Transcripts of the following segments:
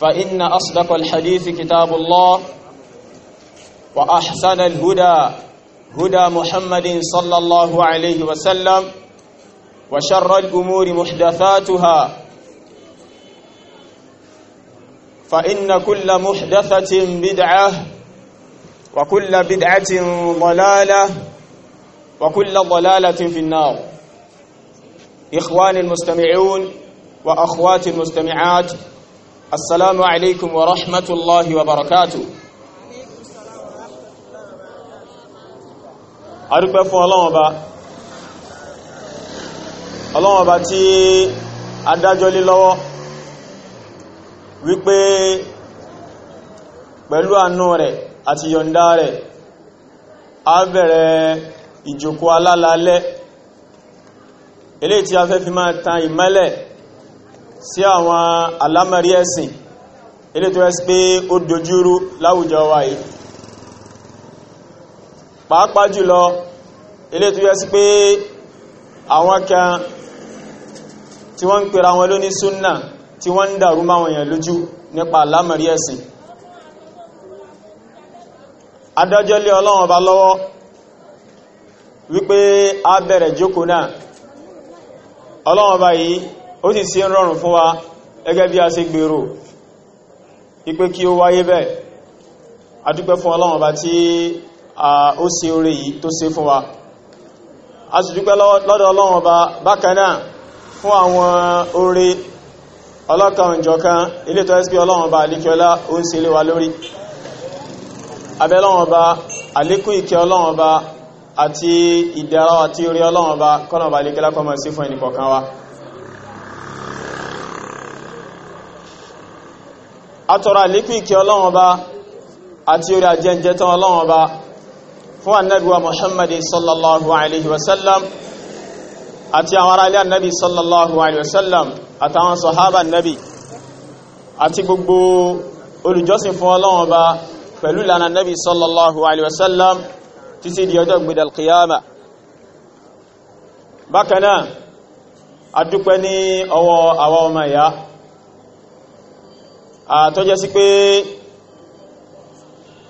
فإن أصدق الحديث كتاب الله وأحسن الهدى هدى محمد صلى الله عليه وسلم وشر الأمور محدثاتها فإن كل محدثة بدعة وكل بدعة ضلالة وكل ضلالة في النار إخواني المستمعون وأخواتي المستمعات السلام عليكم ورحمة الله وبركاته arúgbẹ́ fún ọlọ́wọ́n bá ọlọ́wọ́n bá tí adájọ́ lé lọ́wọ́ wípé pẹ̀lú àánú rẹ̀ àti yọ̀ǹda rẹ̀ a bẹ̀rẹ̀ ìjòkó alálálẹ́ eléyìí tí a fẹ́ fi máa tan ìmẹ́lẹ̀ sí àwọn alámẹ̀rí ẹ̀sìn ilé tó ẹ́sì pé ó dojúrú láwùjọ wa yìí pàápàá jùlọ ilé tó ẹ́sì pé àwọn kan tí wọ́n ń pèrà wọn lóní súnnà tí wọ́n ń dàrú máwọn èèyàn lójú nípa alámẹ̀rí ẹ̀sìn adájọ́ lé ọlọ́run ọba lọ́wọ́ wípé a bẹ̀rẹ̀ jókòó náà ọlọ́run ọba yìí ó sì sí rọrùn fún wa gẹ́gẹ́ bí a ṣe gbèrò ipé kí ó wáyé bẹ́ẹ̀ adúpẹ́ fún Ọlọ́run bá tí ó ṣe oore yìí tó ṣe fún wa a sì dúpẹ́ lọ́dọ̀ Ọlọ́run bá bákan náà fún àwọn oore ọlọ́kan ìjọkan ilé tó ẹ́sì pé Ọlọ́run bá alikiola ó ń ṣe lé wa lórí abẹ́ Ọlọ́run bá àlékún ìkẹ́ Ọlọ́run bá àti ìdára àti orí Ọlọ́run bá kọ́nà bá alikiola kọ́mọ̀ sí fún ẹnìkọ̀ọ̀kan wa atọ́rọ àlékún ìkẹ́ ọlọ́run ọba àti orí àjẹ́jẹ́ tán ọlọ́run ọba fún annabiwa muhammad sallallahu alaihi wasallam àti àwọn ará ilé annabi sallallahu alaihi wasallam àtàwọn sahaba annabi àti gbogbo olùjọ́sìn fún ọlọ́run ọba pẹ̀lú lànà annabi sallallahu alaihi wasallam títí di ọjọ́ gbìdàl qiyama bákanáà àtọ́jẹ́ sí pé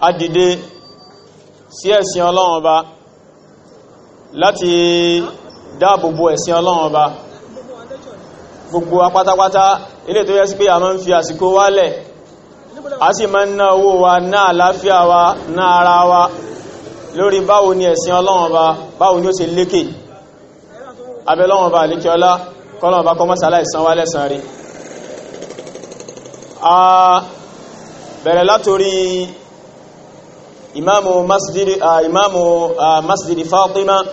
a dìde sí ẹ̀sìn ọlọ́run ọba láti dáàbòbò ẹ̀sìn ọlọ́run ọba gbogbo apátápátá ilé tó yẹ sí pé a máa ń fi àsìkò wálẹ̀ a sì máa ń ná owó wa ná àlàáfíà wa ná ara wa lórí báwo ni ẹ̀sìn ọlọ́run ọba báwo ni ó ṣe lékè abẹ́lọ́run ọba àlékíọlá kọ́lọ́run ọba kọ́mọ́sálà ìsanwálẹ̀sàn rí a bẹ̀rẹ̀ látorí imamu masjidi a imamu a masjidi fatima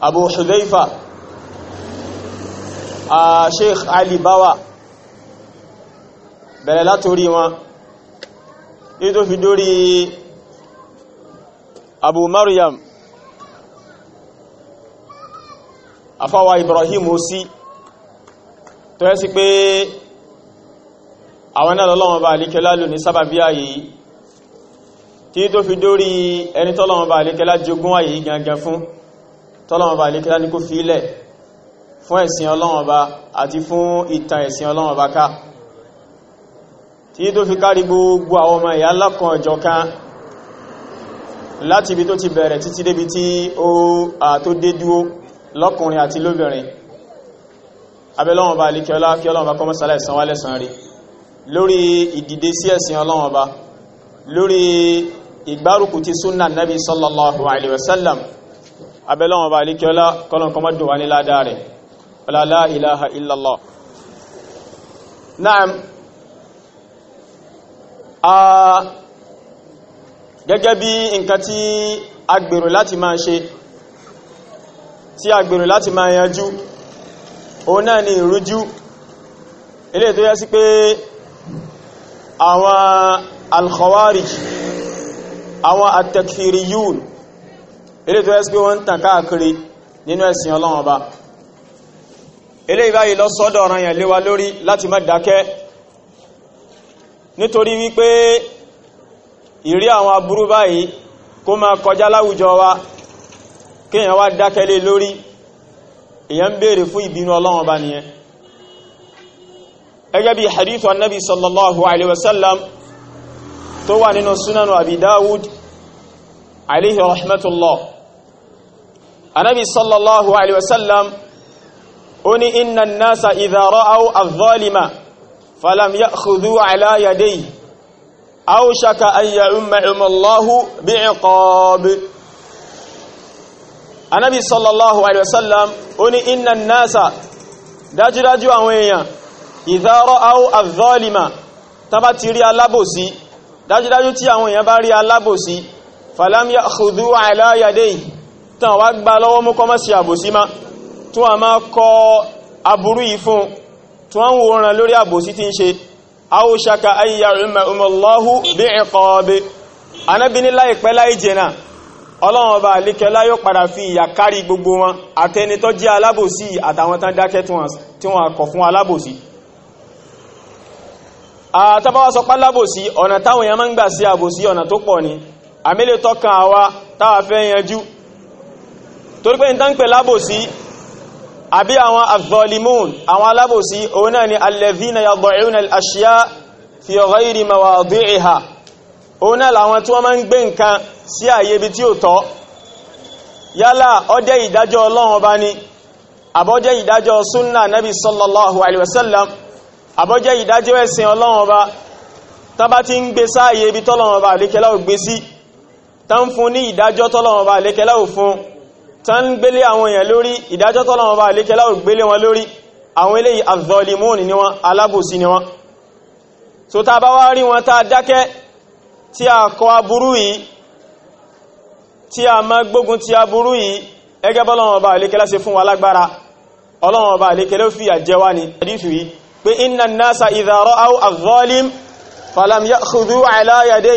abu hudhaifa a sheikh ali bawa bẹ̀rẹ̀ látorí wọn ní fi dórí abu maryam afáwa ibrahim ó tó yẹ́ sí pé àwọn náà lọ́wọ́n bá alékẹ́ lálò ní sábàbí ààyè yìí tí tó fi dórí ẹni tọ́lọ́wọ́n bá alékẹ́ lájogún ààyè yìí gangan fún tọ́lọ́wọ́n bá alékẹ́ láni kó fílẹ̀ fún ẹ̀sìn ọlọ́wọ́n bá àti fún ìtàn ẹ̀sìn ọlọ́wọ́n bá ká tí tó fi kárí gbogbo àwọn ọmọ ìyá lákan abẹ́lọ́wọ́n bá alékẹ́ ọlá kí bá kọ́mọ́sálẹ̀ sanwálẹ̀ sanrí lórí ìdìde sí ẹ̀sìn ọlọ́run ọba lórí ìgbárùkù ti súnà nabi sallallahu alaihi wasallam abẹ́lọ́run ba alikiola kọlọ̀n kọmọ́ dùn wá ní ládàá rẹ̀ la ilaha illallah na'am a gẹ́gẹ́ bí nǹkan tí a gbèrò láti máa ṣe tí a gbèrò láti máa yanjú òun náà ni ìrújú ilé tó yẹ sí pé àwọn alkhawarij àwọn atakfiriyun ilé tó ẹ́sì pé wọ́n ń tàn káàkiri nínú ẹ̀sìn ọlọ́run ọba ilé ìbáyìí lọ sọ́dọ̀ ọ̀ràn yẹn léwa lórí láti má dákẹ́ nítorí wípé ìrí àwọn aburú báyìí kó máa kọjá láwùjọ wa kéèyàn wá dákẹ́ lé lórí èèyàn ń béèrè fún ìbínú ọlọ́run ọba nìyẹn ẹgẹ́ bí hadithu annabi sallallahu alaihi wasallam tó wà nínú sunanu abi dawud alaihi rahmatullah annabi sallallahu alaihi wasallam ó ní inna nasa idha ra'aw adh-dhalima falam ya'khudhu ala yadayhi awshaka an ya'ummahum Allahu bi'iqab annabi sallallahu alaihi wasallam ó ní inna nasa dájúdájú àwọn èèyàn ìdárọ́ au azọ́ọ̀lìmà tàbá ti rí alábòsí dájúdájú tí àwọn èèyàn bá rí alábòsí falamya ṣùdú àìláyàdé tàn wá gba lọ́wọ́ mú kọmọ́ sí àbòsí ma tún a máa kọ aburú yìí fún tún wọ́n wòran lórí àbòsí tí ń ṣe au ṣaka ayyà umarallahu bí ẹ̀kọ́ọ̀bẹ anábìní láìpẹ́ láì jẹ́nà ọlọ́run ọba àlékẹ́lá yóò padà àtàbáwà sọ pálábòsí ọ̀nà táwọn èèyàn máa ń gbà sí àbòsí ọ̀nà tó pọ̀ ni àmìlẹ̀ tọ́kàn àwa táwà fẹ́ yanjú torí pé ní táǹpẹ̀ lábòsí àbí àwọn azolimun àwọn alábòsí òun náà ni alladhina yad'una al-ashya fi ghayri mawadi'iha òun náà làwọn tí wọ́n máa ń gbé nǹkan sí àyè ibi tí ó tọ́ nabi sallallahu alaihi wasallam àbọ́jẹ́ ìdájọ́ ẹ̀sìn ọlọ́run ọba tán bá ti ń gbé sáàyè ibi tọ́lọ́run ọba àlékẹ́lá ò gbé sí tán fún ní ìdájọ́ tọ́lọ́run ọba àlékẹ́lá ò fún tán ń gbélé àwọn èèyàn lórí ìdájọ́ tọ́lọ́run ọba àlékẹ́lá ò gbélé wọn lórí àwọn eléyìí azzalimuni ni wọn alábòsí ni wọn so tá bá wá rí wọn tá dákẹ́ tí a kọ aburú yìí tí a má gbógun ti aburú yìí ẹgẹ́ bọ́lọ́run ọba àlékẹ́lá ṣe fún wa lágbára ọlọ́run ọba àlékẹ́lá ó fìyà jẹ wá ni pé inna nasa ìdàrọ́ au azọ́lim falam ya ṣudu aláyàdé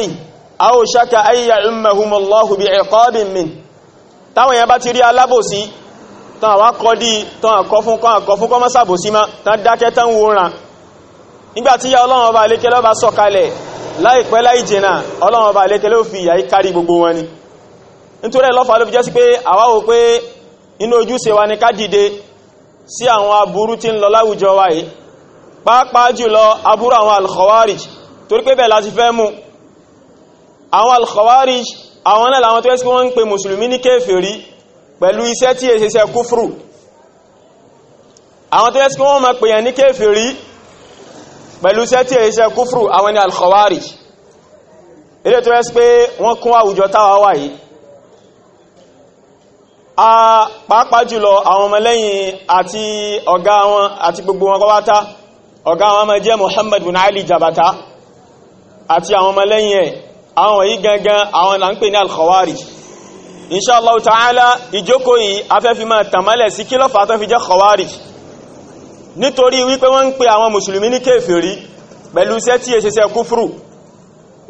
au ṣaka ayyà ummahumullahu bi ẹ̀kọ́bin min táwọn yẹn bá ti rí alábòsí tán àwọn akọ́dí tán àkọ́fún kan àkọ́fún kọ́ mọ́sàbòsí má tán dákẹ́ tán wòran nígbàtí ya ọlọ́run ọba alékẹ́lẹ́ ọba sọ̀kalẹ̀ láìpẹ́ láì jìnà ọlọ́run ọba alékẹ́lẹ́ ò fi ìyà kárí gbogbo wọn ni nítorí ẹlọ́fà ló fi jẹ́ sí pé àwa wò pé inú ojúṣe wa ni ká dìde sí àwọn aburú tí ń lọ láwùjọ wa yìí pàápàá jùlọ aburú àwọn al-khawarij torí pé bẹ́ẹ̀ láti fẹ́ mú àwọn al-khawarij àwọn náà làwọn tó ẹ́sì wọ́n ń pe mùsùlùmí ní kéfèrí pẹ̀lú iṣẹ́ tí è ṣeṣẹ́ kúfrù àwọn tó ẹ́sì wọ́n máa pèyàn ní kéfèrí pẹ̀lú iṣẹ́ tí è ṣeṣẹ́ kúfrù àwọn ni al-khawarij ilé tó ẹ́sì pé wọ́n kún àwùjọ táwa wà a pàápàá jùlọ àwọn ọmọlẹ́yìn àti ọ̀gá wọn àti gbogbo wọn kọ́wátá ọ̀gá àwọn ọmọ jẹ́ Muhammad bin Ali Jabata àti àwọn ọmọ lẹ́yìn ẹ̀ àwọn yìí gangan àwọn là ń pè ní al-Khawarij inshallah ta'ala ìjókòó yìí afẹ́fí máa tàmálẹ̀ sí kí ló fà tó fi jẹ́ Khawarij nítorí wípé wọ́n ń pè àwọn mùsùlùmí ní kèfèrí pẹ̀lú iṣẹ́ tí èṣẹ́ṣẹ́ kúfúrù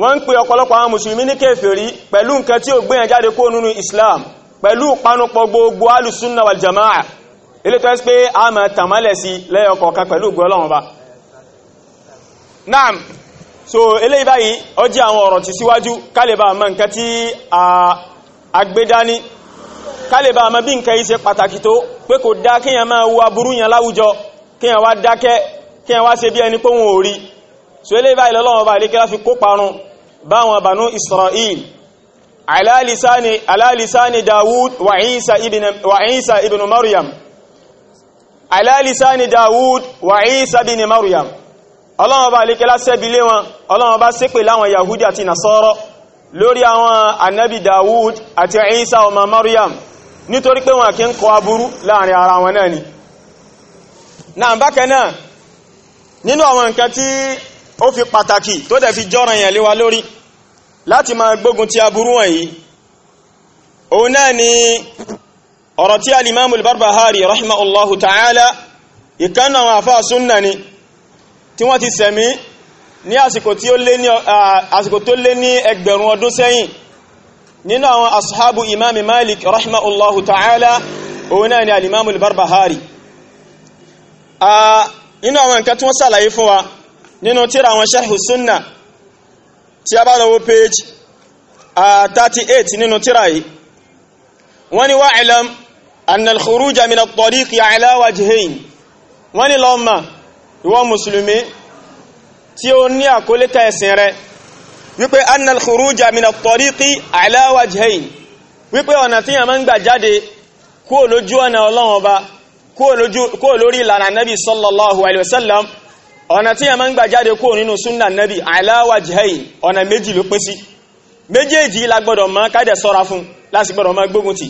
wọ́n ń pè ọ̀pọ̀lọpọ̀ àwọn mùsùlùmí ní kèfèrí pẹ̀lú nǹkan tí ó gbéyàn jáde kó nínú Islam pẹ̀lú panupọ̀ gbogbo alùsùn náà wal jama'a ilé tó ẹ́sì pé a tàmálẹ̀ sí lẹ́yọkọ̀ọ̀kan pẹ̀lú ògbọ́lọ́wọ́n naam so eléyìí báyìí ó jẹ́ àwọn ọ̀rọ̀ tí síwájú kálẹ̀bà àmà nǹkan tí àgbédání kálẹ̀bà àmà bí nǹkan yìí ṣe pàtàkì tó pé kò dá kíyàn máa wo aburú yẹn láwùjọ kíyàn wá dákẹ́ kíyàn wá ṣe bí ẹni pé wọn ò rí so eléyìí báyìí lọ́lọ́wọ́ bá lékẹ́lá fi kó parun báwọn bànú Israel ala lisani ala lisani Dawud wa Isa ibn wa Isa ibn Maryam ala lisani Dawud wa Isa ibn Maryam ọlọ́wọ́n bá alékẹ́lá sẹ́bilé wọn ọlọ́wọ́n bá ṣépè láwọn yahudi àti nasọ́rọ́ lórí àwọn anabi dawud àti isa ọmọ maryam nítorí pé wọn kí ń kọ aburú láàrin ara wọn náà ni náà bákan náà nínú àwọn nǹkan tí ó fi pàtàkì tó dẹ̀ fi jọ́ràn yẹn lé wa lórí láti máa gbógun ti aburú wọ̀nyí òun náà ni ọ̀rọ̀ tí alimamul barbahari rahimahullahu ta'ala ìkànnà àwọn àfáà súnnà ni tí wọ́n ti sẹ̀mí ní àsìkò tí ó lé ní àsìkò tó lé ní ẹgbẹ̀rún ọdún sẹ́yìn nínú àwọn ashabu imami malik rahimahullahu ta'ala òun náà ni alimamul barbahari nínú àwọn nǹkan tí wọ́n sàlàyé fún wa nínú tíra àwọn sharhu sunna tí a bá lọ wò page 38 nínú tíra yìí wọ́n ni wa'lam anna al-khuruja min at-tariqi ala wajhayn wọ́n ni lọ́mà ìwọ mùsùlùmí tí ó ní àkólítà ẹ̀sìn rẹ wípé annal khuruja min at-tariqi ala wajhayn wípé ọ̀nà tí yàn máa ń gbà jáde kúrò lójú ọ̀nà ọlọ́run ọba kúrò lórí ìlànà nabi sallallahu alaihi wasallam ọ̀nà tí yàn máa ń gbà jáde kúrò nínú sunna nabi ala wajhayn ọ̀nà méjì ló pín méjèèjì la gbọ́dọ̀ máa sọ́ra fún láti gbọ́dọ̀ gbógun tì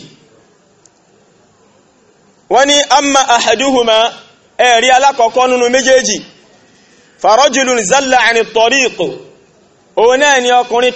wọ́n ni amma ahaduhuma ẹ̀rí alákọ̀ọ́kọ́ nínú méjèèjì farajulun zalla ani tariq òun náà ni ọkùnrin